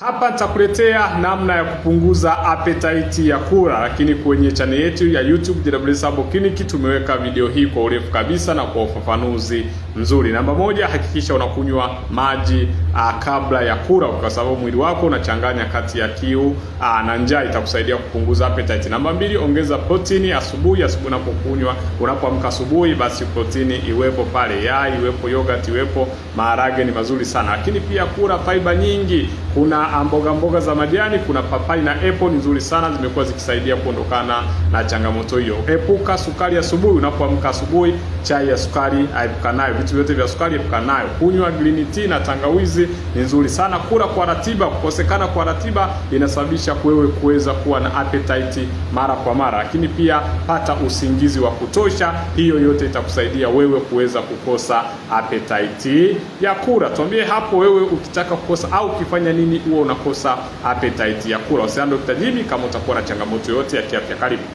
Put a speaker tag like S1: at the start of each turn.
S1: Hapa nitakuletea namna ya kupunguza appetite ya kula, lakini kwenye chaneli yetu ya YouTube DW Sabo Clinic tumeweka video hii kwa urefu kabisa na kwa ufafanuzi mzuri. Namba moja, hakikisha unakunywa maji a, ah, kabla ya kula, kwa sababu mwili wako unachanganya kati ya kiu ah, na njaa, itakusaidia kupunguza appetite. Namba mbili, ongeza protini asubuhi. Asubuhi unapokunywa, unapoamka asubuhi, basi protini iwepo pale, yai iwepo, yogurt iwepo, maharage ni mazuri sana, lakini pia kula fiber nyingi. Kuna na ah, mboga mboga za majani, kuna papai na apple ni nzuri sana, zimekuwa zikisaidia kuondokana na changamoto hiyo. Epuka sukari asubuhi, unapoamka asubuhi, chai ya sukari epuka nayo, vitu vyote vya sukari epuka nayo. Kunywa green tea na tangawizi ni nzuri sana. Kula kwa ratiba, kukosekana kwa ratiba inasababisha wewe kuweza kuwa na appetite mara kwa mara, lakini pia pata usingizi wa kutosha. Hiyo yote itakusaidia wewe kuweza kukosa appetite ya kula. Tuambie hapo wewe ukitaka kukosa au ukifanya nini uo unakosa appetite ya kula. Usiende Dr. Jimmy kama utakuwa na changamoto yoyote ya kiafya. Karibu.